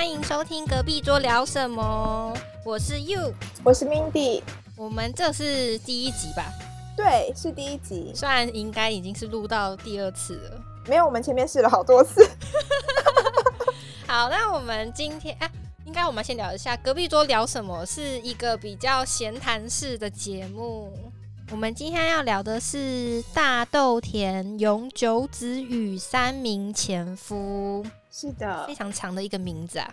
歡迎收聽《隔壁桌聊什麼》，我是 You，我是 Mindy，我們這是第一集吧？對，是第一集，雖然應該已經是錄到第二次了，沒有，我們前面試了好多次。 好，那我們今天，啊，應該我們先聊一下，《隔壁桌聊什麼》是一個比較閒談式的節目。我們今天要聊的是《大豆田永久子與三名前夫》，是的，非常長的一個名字啊。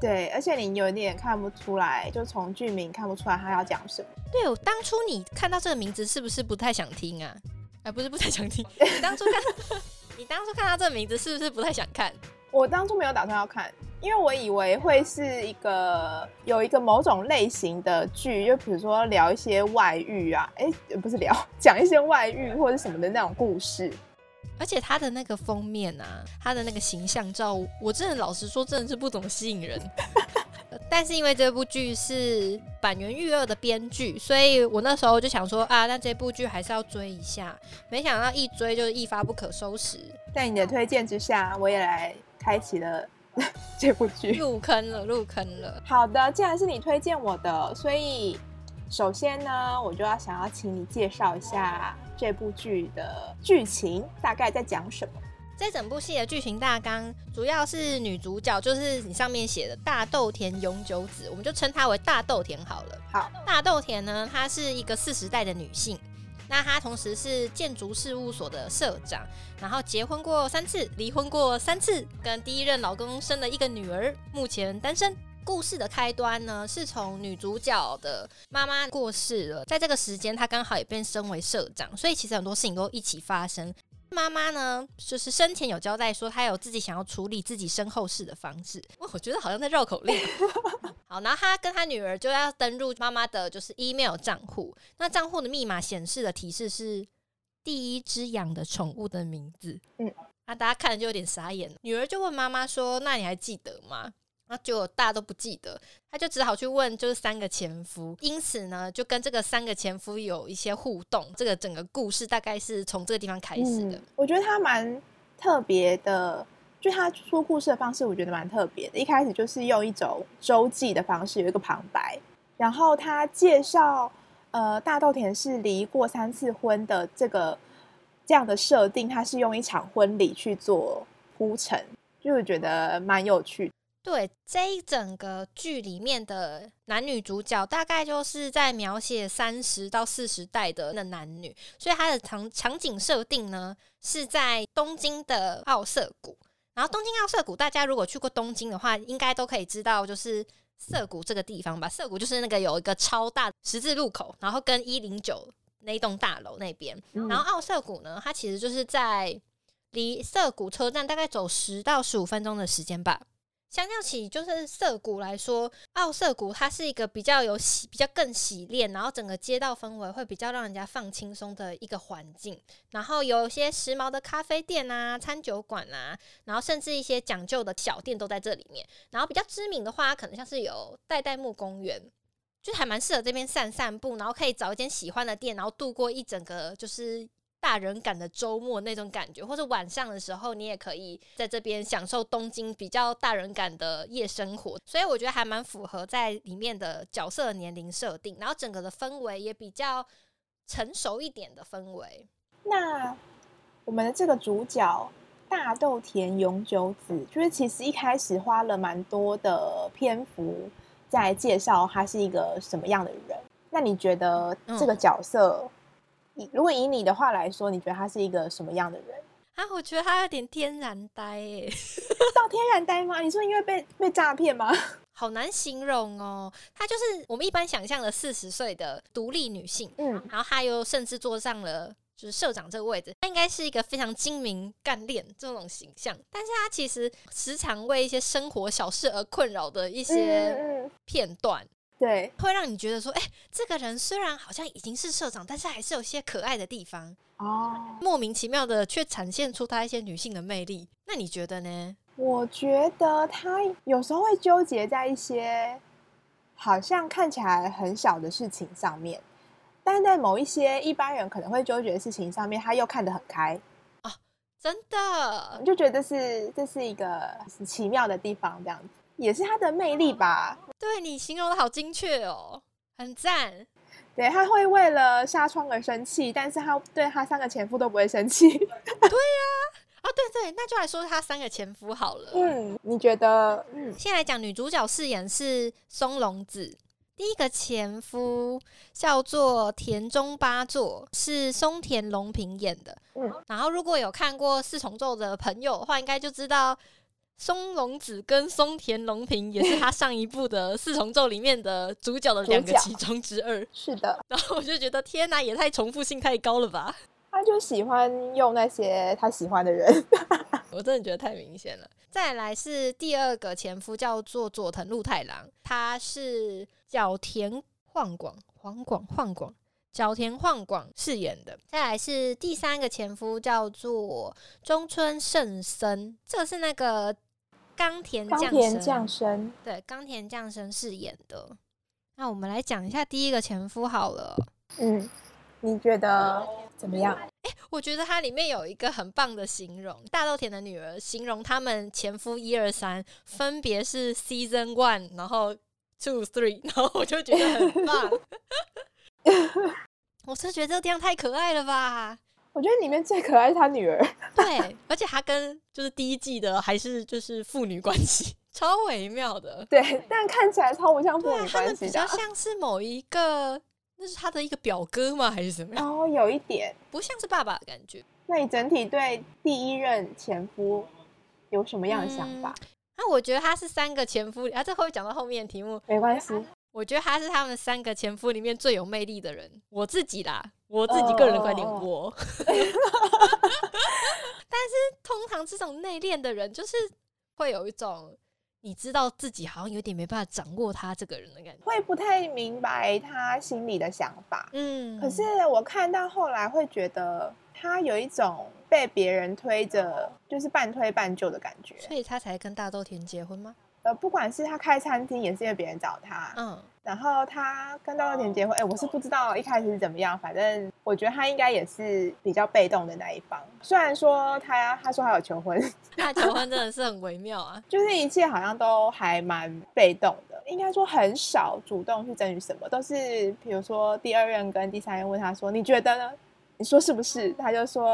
對，而且你有點看不出來，就從劇名看不出來他要講什麼。對，我當初你看到這個名字是不是不太想聽啊？啊，不是，不太想聽。你當初看， 你當初看到這個名字是不是不太想看？我當初沒有打算要看。因為我以為會是一個有一個某種類型的劇，就比如說聊一些外遇啊，哎，不是聊講一些外遇或者什麼的那種故事。而且他的那個封面啊，他的那個形象照，我真的老實說，真的是不怎麼吸引人。 但是因為這部劇是坂元裕二的編劇，所以我那時候就想說啊，那這部劇還是要追一下。沒想到一追就是一發不可收拾。在你的推薦之下，我也來開啟了。 這部劇劇 入坑了，入坑了。好的，既然是你推薦我的，所以首先呢，我就要想要請你介紹一下這部劇的劇情，大概在講什麼？這整部戲的劇情大綱主要是女主角，就是你上面寫的大豆田永久子，我們就稱她為大豆田好了。好，大豆田呢，她是一個四十代的女性。那她同時是建築事務所的社長，然後結婚過三次，離婚過三次，跟第一任老公生了一個女兒，目前單身。故事的開端呢，是從女主角的媽媽過世了，在這個時間她剛好也變身為社長，所以其實很多事情都一起發生。媽媽呢，就是生前有交代說，她有自己想要處理自己身後事的方式。我覺得好像在繞口令。 好，然後她跟她女兒就要登入媽媽的就是 email 賬戶，那賬戶的密碼顯示的提示是第一隻養的寵物的名字。嗯，啊，大家看了就有點傻眼。女兒就問媽媽說：“那你還記得嗎？”他就大家都不記得，他就只好去問，就是三個前夫。因此呢，就跟這個三個前夫有一些互動。這個整個故事大概是從這個地方開始的。嗯，我覺得他蠻特別的，就他說故事的方式，我覺得蠻特別的。一開始就是用一種週記的方式，有一個旁白，然後他介紹呃大豆田是離過三次婚的這個這樣的設定，他是用一場婚禮去做鋪陳，就覺得蠻有趣的。對，這一整個劇裡面的男女主角，大概就是在描寫三十到四十代的那男女，所以它的場場景設定呢，是在東京的奧澀谷。然後東京奧澀谷，大家如果去過東京的話，應該都可以知道就是澀谷這個地方吧。澀谷就是那個有一個超大十字路口，然後跟一零九那棟大樓那邊。然後奧澀谷呢，它其實就是在離澀谷車站大概走十到十五分鐘的時間吧。相較起就是澀谷來說，奧澀谷它是一個比較有洗、比較更洗練，然後整個街道氛圍會比較讓人家放輕鬆的一個環境。然後有些時髦的咖啡店啊、餐酒館啊，然後甚至一些講究的小店都在這裡面。然後比較知名的話，可能像是有代代木公園，就是還蠻適合這邊散散步，然後可以找一間喜歡的店，然後度過一整個就是。大人感的週末那種感覺，或者晚上的時候，你也可以在這邊享受東京比較大人感的夜生活。所以我覺得還蠻符合在裡面的角色年齡設定，然後整個的氛圍也比較成熟一點的氛圍。那我們的這個主角大豆田永久子，就是其實一開始花了蠻多的篇幅在介紹他是一個什麼樣的人。那你覺得這個角色？嗯如果以你的話來說，你覺得他是一個什麼樣的人啊？我覺得他有點天然呆、欸，哎， 到天然呆嗎？你說因為被被詐騙嗎？好難形容哦。他就是我們一般想象的四十歲的獨立女性，嗯，然後他又甚至坐上了就是社長這個位置，他應該是一個非常精明幹練這種形象，但是他其實時常為一些生活小事而困擾的一些片段。嗯嗯。對，會讓你覺得說，哎、欸，這個人雖然好像已經是社長，但是還是有些可愛的地方哦。Oh. 莫名其妙的，卻呈現出他一些女性的魅力。那你覺得呢？我覺得他有時候會糾結在一些好像看起來很小的事情上面，但在某一些一般人可能會糾結的事情上面，他又看得很開、啊、真的，就覺得這是這是一個很奇妙的地方，這樣子。也是她的魅力吧？哦、對你形容得好精確哦，很讚。對，她會為了紗窗而生氣，但是她對她三個前夫都不會生氣。對呀、啊，啊、哦，對對，那就來說她三個前夫好了。嗯，你覺得？嗯，先來講女主角飾演是松隆子，第一個前夫叫做田中八作，是松田龍平演的。嗯，然後如果有看過四重奏的朋友的話，應該就知道。松隆子跟松田龍平也是他上一部的《四重奏》裡面的主角的兩個其中之二。是的，然後我就覺得天吶，也太重複性太高了吧！他就喜歡用那些他喜歡的人， 我真的覺得太明顯了。再來是第二個前夫，叫做佐藤鹿太郎，他是角田晃廣、晃廣、晃廣、角田晃廣飾演的。再來是第三個前夫，叫做中村慎森，這是那個。岡田將生，生對，岡田將生飾演的。那我們來講一下第一個前夫好了。嗯，你覺得怎麼樣？哎、欸，我覺得它裡面有一個很棒的形容，大豆田的女兒形容他們前夫一二三分別是 season one，然後 two three，然後我就覺得很棒。 我是覺得這個這樣太可愛了吧。我覺得裡面最可愛是他女兒，對， 而且他跟就是第一季的還是就是父女關係，超微妙的，對，但看起來超不像父女關係，比較像是某一個，那是他的一個表哥嗎？還是什麼樣？哦，有一點不像是爸爸的感覺。那你整體對第一任前夫有什麼樣的想法？嗯，那我覺得他是三個前夫啊，這會講到後面的題目沒關係。我覺得他是他們三個前夫裡面最有魅力的人，我自己啦。我自己個人的觀點，我，但是通常這種內斂的人，就是會有一種你知道自己好像有點沒辦法掌握他這個人的感覺，會不太明白他心裡的想法。嗯，可是我看到後來，會覺得他有一種被別人推着，就是半推半就的感覺。所以他才跟大豆田結婚嗎？呃，不管是他開餐廳，也是因為別人找他。嗯。然後他跟大豆田結婚，哎、oh,，我是不知道一開始是怎麼樣。反正我覺得他應該也是比較被動的那一方。雖然說他他說他有求婚，他求婚真的是很微妙啊， 就是一切好像都還蠻被動的。應該說很少主動去爭取什麼，都是比如說第二任跟第三任問他說：“你覺得呢？”你說是不是？他就說：“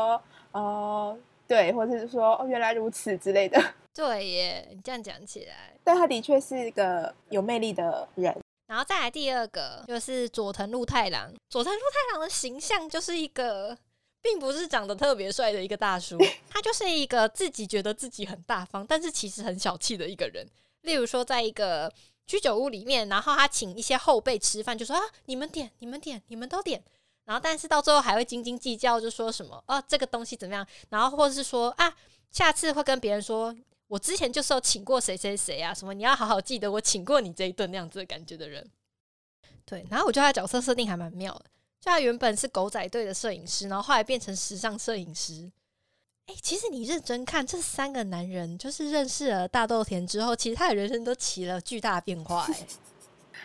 哦、呃，對。”或者是說：“哦，原來如此”之類的。對耶，你這樣講起來，但他的確是一個有魅力的人。然後再來第二個，就是佐藤鹿太郎。佐藤鹿太郎的形象就是一個，並不是長得特別帥的一個大叔。他就是一個自己覺得自己很大方，但是其實很小氣的一個人。例如說，在一個居酒屋裡面，然後他請一些後輩吃飯，就說啊，你們點，你們點，你們都點。然後，但是到最後還會斤斤計較，就說什麼啊，這個東西怎麼樣？然後，或者是說啊，下次會跟別人說。我之前就是有請過誰誰誰啊，什麼你要好好記得我請過你這一頓，那樣子的感覺的人，對。然後我覺得他角色設定還蠻妙的，就他原本是狗仔隊的攝影師，然後後來變成時尚攝影師。哎、欸，其實你認真看這三個男人，就是認識了大豆田之後，其實他的人生都起了巨大變化、欸，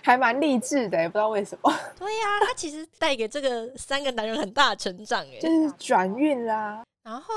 哎，還蠻勵志的、欸，也不知道為什麼。對呀、啊，他其實帶給這個三個男人很大的成長、欸，哎，就是轉運啦。然後。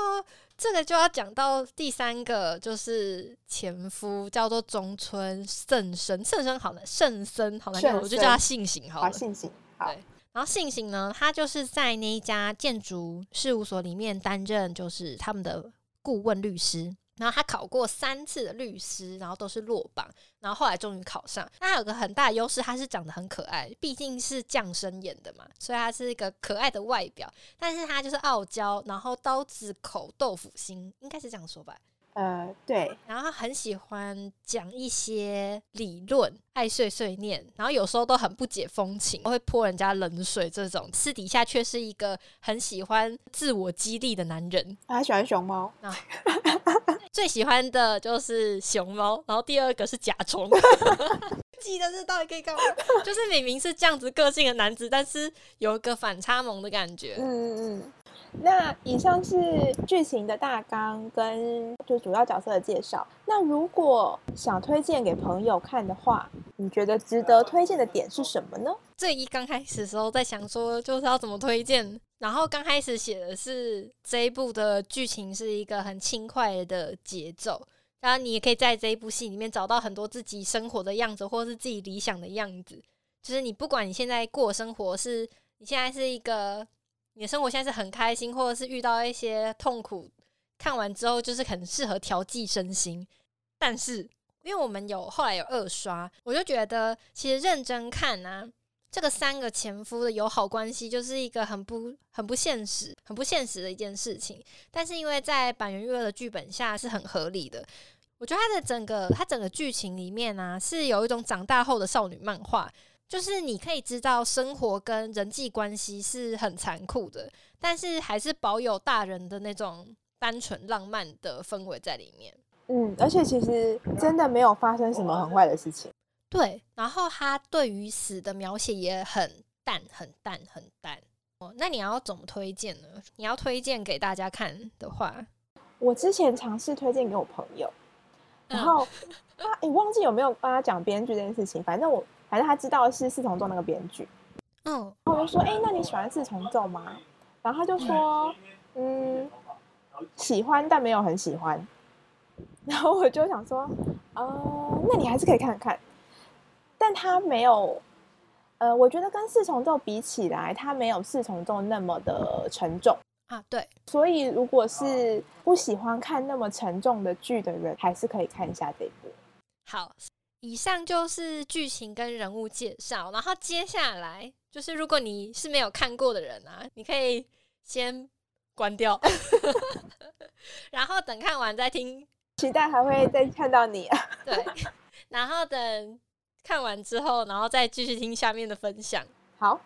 這個就要講到第三個，就是前夫叫做中村聖生，聖生好了，聖生好了，生我就叫他信行好，信行好。對，然後信行呢，他就是在那一家建築事務所裡面擔任，就是他們的顧問律師。然後他考過三次的律師，然後都是落榜，然後後來終於考上。他有個很大的優勢，他是長得很可愛，畢竟是降生演的嘛，所以他是一個可愛的外表，但是他就是傲嬌，然後刀子口豆腐心，應該是這樣說吧。呃，對，然後他很喜歡講一些理論，愛碎碎念，然後有時候都很不解風情，會潑人家冷水，這種私底下卻是一個很喜歡自我激勵的男人。他、啊、喜歡熊貓，哦、 最喜歡的就是熊貓，然後第二個是甲蟲。 記得這到底可以幹嘛？ 就是明明是這樣子個性的男子，但是有一個反差萌的感覺。嗯嗯。嗯那以上是劇情的大綱跟就主要角色的介紹。那如果想推薦給朋友看的話，你覺得值得推薦的點是什麼呢？最一剛開始的時候在想說，就是要怎麼推薦，然後剛開始寫的是這一部的劇情是一個很輕快的節奏，然後你也可以在這一部戲裡面找到很多自己生活的樣子，或是自己理想的樣子。就是你不管你現在過生活是你現在是一個。你的生活現在是很開心，或者是遇到一些痛苦，看完之後就是很適合調劑身心。但是，因為我們有後來有二刷，我就覺得其實認真看呢、啊，這個三個前夫的友好關係就是一個很不、很不現實、很不現實的一件事情。但是，因為在坂元裕二的劇本下是很合理的。我覺得他的整個、他整個劇情裡面呢、啊，是有一種長大後的少女漫畫。就是你可以知道生活跟人際關係是很殘酷的，但是還是保有大人的那種單純浪漫的氛圍在裡面。嗯，而且其實真的沒有發生什麼很壞的事情。對，然後他對於死的描寫也很淡，很淡，很淡。哦，那你要怎麼推薦呢？你要推薦給大家看的話，我之前嘗試推薦給我朋友，然後他，哎、欸，我忘記有沒有幫他講編劇這件事情。反正我。反正他知道的是四重奏那個編劇，嗯，然後我就說，哎、欸，那你喜歡四重奏嗎？然後他就說，嗯，喜歡，但沒有很喜歡。然後我就想說，哦、呃，那你還是可以看看。但他沒有，呃，我覺得跟四重奏比起來，他沒有四重奏那麼的沉重啊。對，所以如果是不喜歡看那麼沉重的劇的人，還是可以看一下這部。好。以上就是劇情跟人物介紹，然後接下來就是，如果你是沒有看過的人啊，你可以先關掉， 然後等看完再聽，期待還會再看到你啊。 對，然後等看完之後，然後再繼續聽下面的分享。好。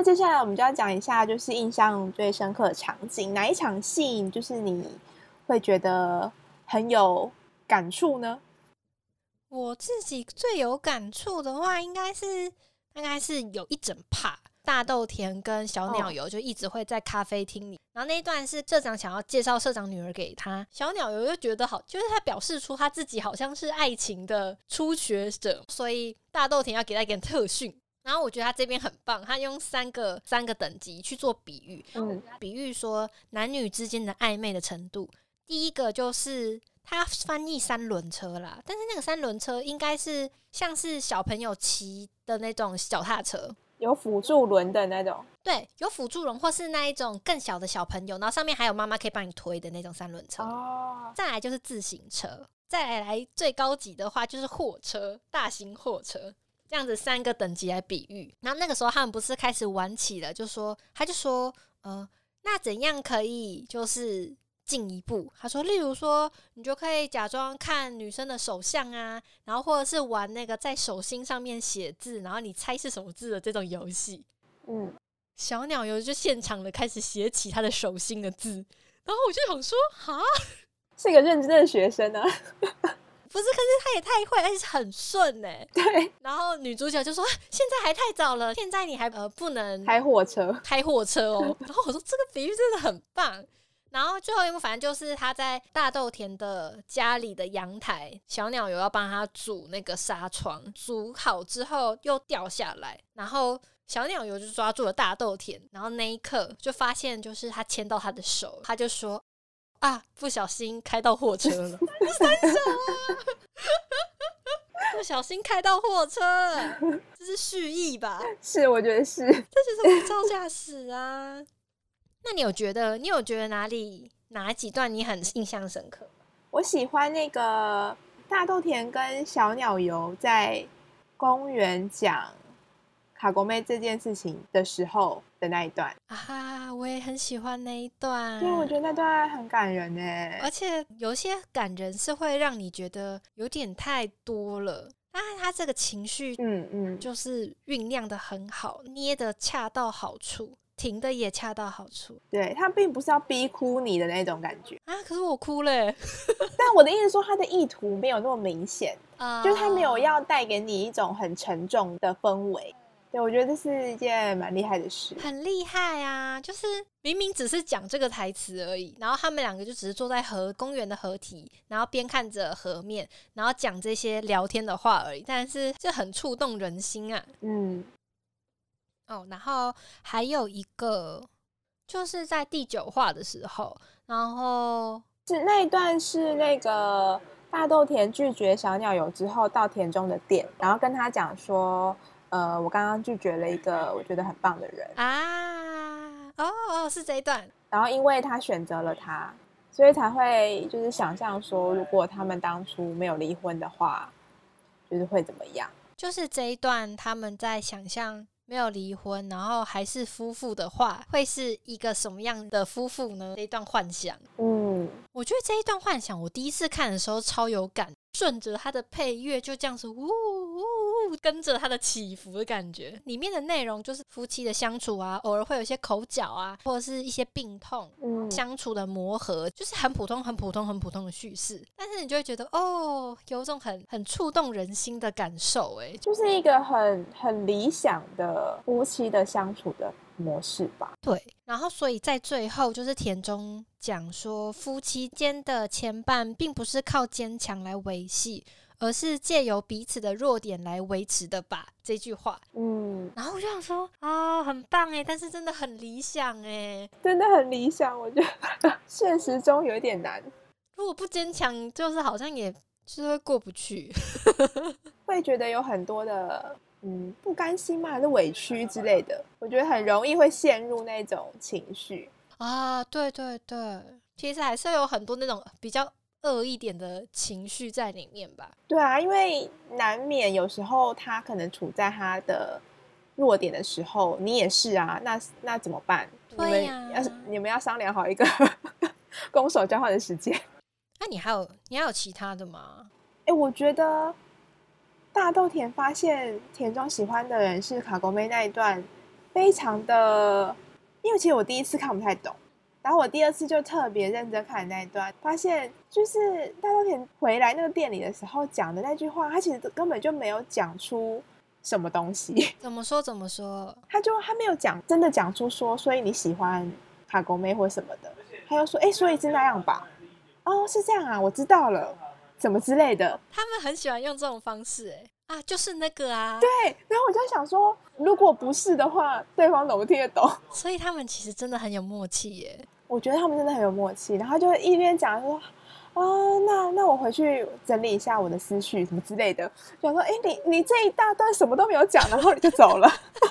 那接下來我們就要講一下，就是印象最深刻的場景，哪一場戲就是你會覺得很有感觸呢？我自己最有感觸的話應，應該是應該是有一整趴大豆田跟小鳥遊就一直會在咖啡廳裡，哦、然後那一段是社長想要介紹社長女兒給他，小鳥遊就覺得好，就是他表示出他自己好像是愛情的初學者，所以大豆田要給他一點特訓。然後我覺得他這邊很棒，他用三個三個等級去做比喻，嗯、比喻說男女之間的曖昧的程度。第一個就是他翻譯三輪車啦，但是那個三輪車應該是像是小朋友騎的那種腳踏車，有輔助輪的那種，對，有輔助輪或是那一種更小的小朋友，然後上面還有媽媽可以幫你推的那種三輪車。哦、再來就是自行車，再來、來最高級的話就是貨車，大型貨車。這樣子三個等級來比喻，然後那個時候他們不是開始玩起了，就說他就說，呃，那怎樣可以就是進一步？他說，例如說，你就可以假裝看女生的手相啊，然後或者是玩那個在手心上面寫字，然後你猜是什麼字的這種遊戲。嗯，小鳥遊就現場的開始寫起他的手心的字，然後我就想說，哈，是個認真的學生呢、啊。 不是，可是他也太會，而且是很順哎、欸。對。然後女主角就說：“現在還太早了，現在你還呃不能開火車、哦，開火車哦。 ”然後我說：“這個比喻真的很棒。”然後最後一幕，反正就是他在大豆田的家裡的陽台，小鳥遊要幫他組那個紗窗，組好之後又掉下來，然後小鳥遊就抓住了大豆田，然後那一刻就發現，就是他牽到他的手，他就說。啊！不小心開到貨車了，三手啊！不小心開到貨車，這是蓄意吧？是，我覺得是，這是什麼照駕駛啊。那你有覺得，你有覺得哪裡哪幾段你很印象深刻？我喜歡那個大豆田跟小鳥遊在公園講卡國妹這件事情的時候的那一段啊哈，我也很喜歡那一段，因為我覺得那段很感人呢。而且有些感人是會讓你覺得有點太多了啊，他這個情緒，嗯嗯，就是醞釀的很好，嗯嗯、捏的恰到好處，停的也恰到好處。對他並不是要逼哭你的那種感覺啊，可是我哭了耶。 但我的意思說，他的意圖沒有那麼明顯啊，嗯、就是他沒有要帶給你一種很沉重的氛圍。對，我覺得這是一件蠻厲害的事，很厲害啊！就是明明只是講這個台詞而已，然後他們兩個就只是坐在河公園的河堤，然後邊看着河面，然後講這些聊天的話而已，但是這很觸動人心啊。嗯，哦，然後還有一個就是在第九話的時候，然後是那一段是那個大豆田拒絕小鳥遊之後到田中的店，然後跟他講說。呃，我剛剛拒絕了一個我覺得很棒的人啊！哦，是這一段。然後，因為他選擇了他，所以才會就是想象說，如果他們當初沒有離婚的話，就是會怎麼樣？就是這一段，他們在想象沒有離婚，然後還是夫婦的話，會是一個什麼樣的夫婦呢？這一段幻想，嗯，我覺得這一段幻想，我第一次看的時候超有感，順着他的配樂就這樣子，嗚嗚。不跟着他的起伏的感覺，裡面的內容就是夫妻的相處啊，偶爾會有一些口角啊，或者是一些病痛，嗯、相處的磨合，就是很普通、很普通、很普通的敘事。但是你就會覺得，哦，有一種很很觸動人心的感受，誒、就是，就是一個很很理想的夫妻的相處的模式吧。對，然後所以在最後，就是田中講說，夫妻間的牽絆並不是靠堅強來維繫。而是借由彼此的弱點來維持的吧。這句話，嗯，然後我就想說，啊、哦，很棒哎，但是真的很理想哎，真的很理想。我覺得 現實中有一點難。如果不堅強，就是好像也、就是會過不去， 會覺得有很多的嗯不甘心嘛，還是委屈之類的。我覺得很容易會陷入那種情緒啊，對對對，其實還是有很多那種比較。惡一點的情緒在裡面吧。對啊，因為難免有時候他可能處在他的弱點的時候，你也是啊。那那怎麼辦？對、啊、你們要你們要商量好一個攻守交換的時間。那、啊、你還有你還有其他的嗎？哎、欸，我覺得大豆田發現田中喜歡的人是卡勾妹那一段，非常的，因為其實我第一次看不太懂。然後我第二次就特別認真看那一段，發現就是大豆田回來那個店裡的時候講的那句話，他其實根本就沒有講出什麼東西。怎麼說怎麼說？麼說他就他沒有講，真的講出說，所以你喜歡卡狗妹或什麼的。且他又說，哎、欸，所以是那樣吧？嗯、哦，是這樣啊，我知道了，嗯、什麼之類的。他們很喜歡用這種方式，哎。啊，就是那個啊。對，然後我就想說，如果不是的話，對方怎麼聽得懂？所以他們其實真的很有默契耶。我覺得他們真的很有默契，然後就會一邊講說，啊，那那我回去整理一下我的思緒什麼之類的。想說，哎，你你這一大段什麼都沒有講，然後你就走了。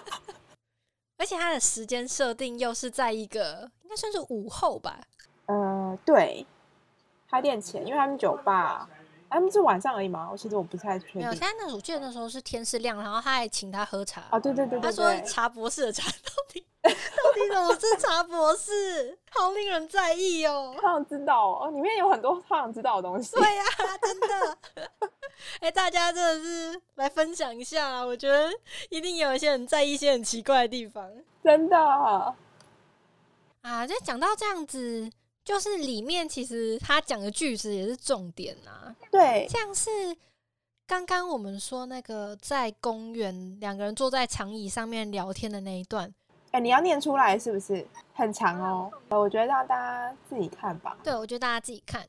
而且他的時間設定又是在一個應該算是午後吧。呃，對，開店前，因為他們酒吧。他們、啊、是晚上而已嘛，我其實我不太確定。沒有，現在那五卷的時候是天是亮，然後他還請他喝茶。啊，後對對對，對，對。他說茶博士的茶到底， 到底怎麼是茶博士？ 好令人在意哦。好想知道哦，裡面有很多他想知道的東西。對呀、啊，真的。哎、 欸，大家真的是來分享一下，我覺得一定有一些人在意一些很奇怪的地方，真的。啊，就講到這樣子。就是裡面其實他講的句子也是重點吶，對，像是剛剛我們說那個在公園兩個人坐在長椅上面聊天的那一段，誒，你要念出來是不是很長哦？我覺得大家自己看吧。對，我覺得大家自己看。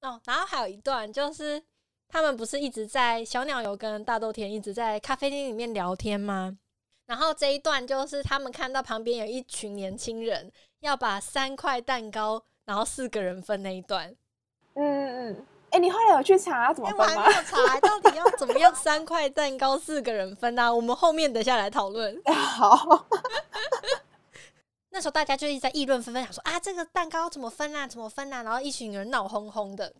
哦，然後還有一段就是他們不是一直在小鳥遊跟大豆田一直在咖啡廳裡面聊天嗎？然後這一段就是他們看到旁邊有一群年輕人，要把三塊蛋糕，然後四個人分那一段，嗯嗯嗯，哎、欸，你後來有去查要怎麼分嗎？欸、我還沒有查，到底要怎麼樣三塊蛋糕四個人分啊？我們後面等下來討論。好， 那時候大家就一直在議論紛紛，想說啊，這個蛋糕怎麼分啊？怎麼分啊？然後一群人鬧哄哄的。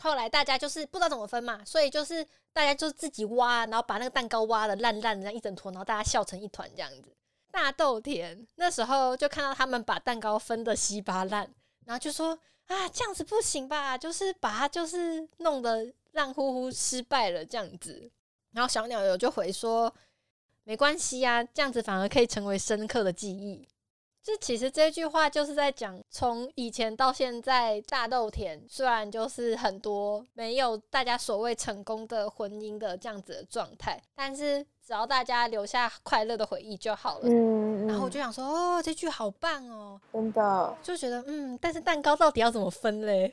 後來大家就是不知道怎麼分嘛，所以就是大家就自己挖，然後把那個蛋糕挖了爛爛的、爛爛的，這樣一整坨，然後大家笑成一團這樣子。大豆田那時候就看到他們把蛋糕分得稀巴爛，然後就說，啊，這樣子不行吧，就是把它就是弄得爛乎乎，失敗了這樣子，然後小鳥友就回說沒關係呀、啊，這樣子反而可以成為深刻的記憶。就其實這句話就是在講，從以前到現在，大豆田雖然就是很多沒有大家所謂成功的婚姻的這樣子的狀態，但是只要大家留下快樂的回憶就好了。嗯，然後我就想說，哦，這句好棒哦，真的，就覺得嗯，但是蛋糕到底要怎麼分嘞？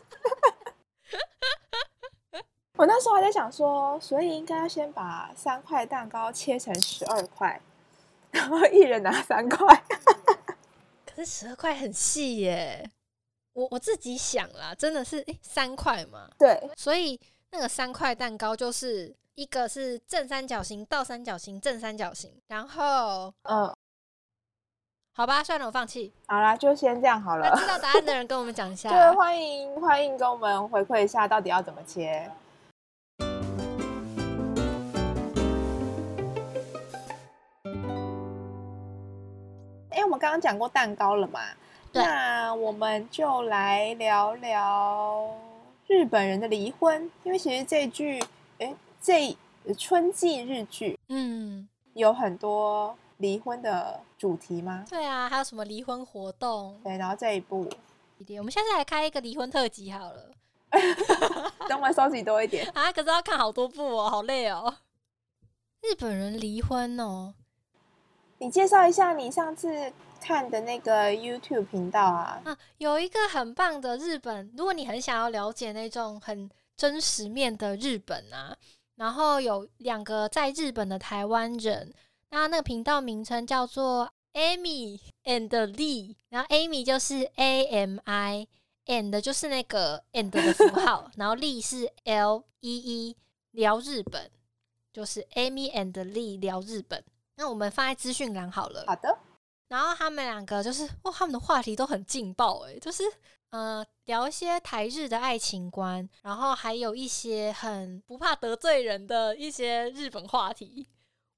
我那時候還在想說，所以應該要先把三塊蛋糕切成十二塊。然後 一人拿三塊， 可是十二塊很細耶，我。我我自己想啦，真的是、欸、三塊嘛？對，所以那個三塊蛋糕就是一個是正三角形、倒三角形、正三角形，然後嗯，好吧，算了，我放棄。好啦，就先這樣好了。那知道答案的人跟我們講一下。 對，歡迎歡迎跟我們回饋一下，到底要怎麼切？我剛剛講過蛋糕了嘛？對那我們就來聊聊日本人的離婚。因為其實這一句哎、欸，這春季日劇，嗯，有很多離婚的主題嗎？對啊，還有什麼離婚活動？對，然後這一部，我們下次來開一個離婚特輯好了，等我 收集多一點 啊！可是要看好多部哦，好累哦。日本人離婚哦。你介紹一下你上次看的那個 YouTube 頻道啊？啊，有一個很棒的日本，如果你很想要了解那種很真實面的日本啊，然後有兩個在日本的台灣人，那那個頻道名稱叫做 AMI and LEE，然後 AMI 就是 A M I，and 就是那個 and 的符號， 然後 LEE 是 L E E 聊日本，就是 AMI and LEE 聊日本。那我們放在資訊欄好了。好的。然後他們兩個就是，哇、哦，他們的話題都很勁爆誒，就是呃，聊一些台日的愛情觀，然後還有一些很不怕得罪人的一些日本話題。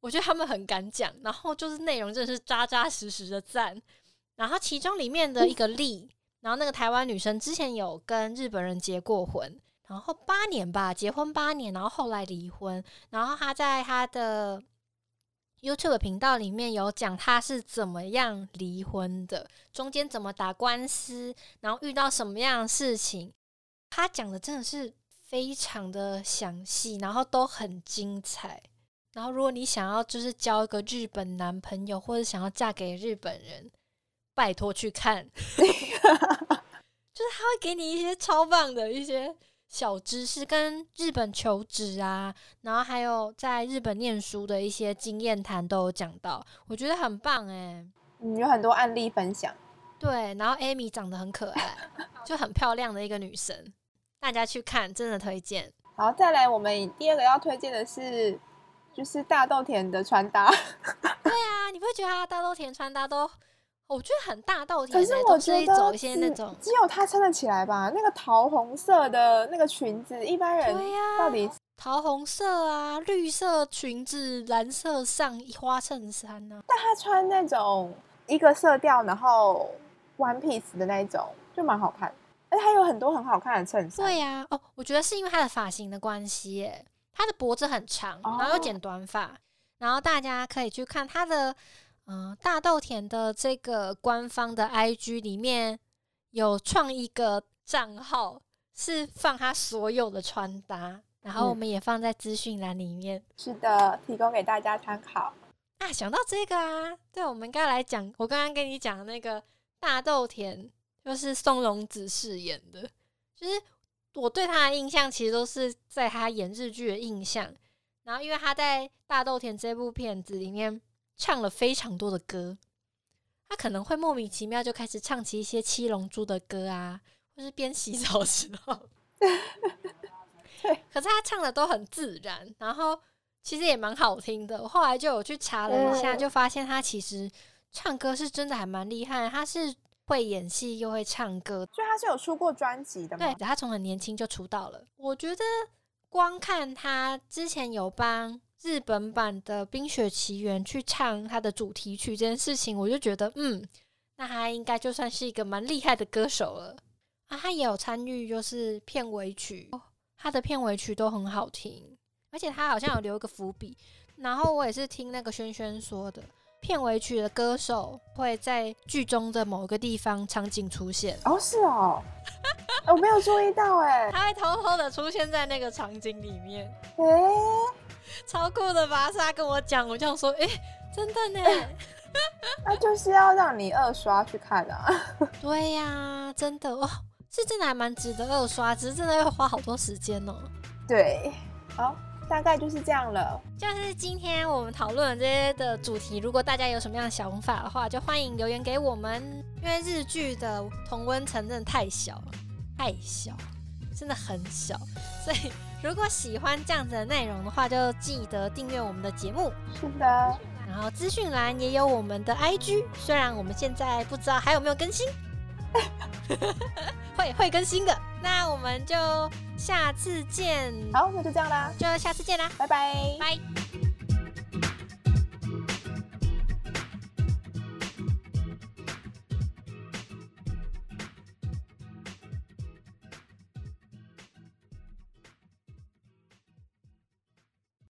我覺得他們很敢講，然後就是內容真的是扎扎實實的讚。然後其中裡面的一個 Lee，嗯、然後那個台灣女生之前有跟日本人結過婚，然後八年吧，結婚八年，然後後來離婚，然後她在她的。YouTube 頻道裡面有講他是怎麼樣離婚的，中間怎麼打官司，然後遇到什麼樣的事情，他講的真的是非常的詳細，然後都很精彩。然後如果你想要就是交一個日本男朋友，或者想要嫁給日本人，拜託去看， 就是他會給你一些超棒的一些。小知識跟日本求職啊，然後還有在日本念書的一些經驗談都有講到，我覺得很棒哎、欸，有很多案例分享。對，然後 AMI 長得很可愛， 就很漂亮的一個女神，大家去看真的推薦。好，再來，我們第二個要推薦的是就是大豆田的穿搭。 對啊，你不會覺得啊，大豆田穿搭都。我覺得很大道、欸，可是我那得只有她撐得起來吧。那個桃紅色的那個裙子，一般人到底是對、啊、桃紅色啊，綠色裙子，藍色上衣、啊，花襯衫呢？但她穿那種一個色調，然後 one piece 的那一種就蠻好看，而且她有很多很好看的襯衫。對呀、啊，哦，我覺得是因為她的髮型的關係、欸，她的脖子很長，然後又剪短髮，哦、然後大家可以去看她的。嗯，大豆田的這個官方的 IG 裡面有創一個賬號，是放他所有的穿搭，然後我們也放在資訊欄裡面、嗯。是的，提供給大家參考啊！想到這個啊，對，我們應該來講，我剛剛跟你講的那個大豆田，就是松隆子飾演的，就是我對他的印象其實都是在他演日劇的印象，然後因為他在大豆田這部片子裡面。唱了非常多的歌，他可能會莫名其妙就開始唱起一些《七龍珠》的歌啊，或是邊洗澡的時候。 對可是他唱的都很自然，然後其實也蠻好聽的。我後來就有去查了一下，對就發現他其實唱歌是真的還蠻厲害，他是會演戲又會唱歌的。所以他是有出過專輯的嗎？對，他從很年輕就出道了。我覺得光看他之前有幫。日本版的《冰雪奇緣》去唱他的主題曲這件事情，我就覺得，嗯，那他應該就算是一個蠻厲害的歌手了啊！他也有參與，就是片尾曲、哦，他的片尾曲都很好聽，而且他好像有留個伏筆。然後我也是聽那個軒軒說的，片尾曲的歌手會在劇中的某個地方場景出現哦，是哦, 哦，我沒有注意到哎，他還偷偷的出現在那個場景裡面，哎、欸。超酷的吧，是他跟我講，我這樣說，哎、欸，真的呢，欸，那就是要讓你二刷去看啊。對呀，啊，真的哦，是真的還蠻值得二刷，只是真的要花好多時間哦。對，好，大概就是這樣了。就是今天我們討論的這些的主題，如果大家有什麼樣的想法的話，就歡迎留言給我們。因為日劇的同溫層真的太小了，太小，真的很小，所以。如果喜歡這樣子的內容的話，就記得訂閱我們的節目。是的，然後資訊欄也有我們的 IG，雖然我們現在不知道還有沒有更新， 會會更新的。那我們就下次見。好，那就這樣啦，就下次見啦，拜拜 bye。拜。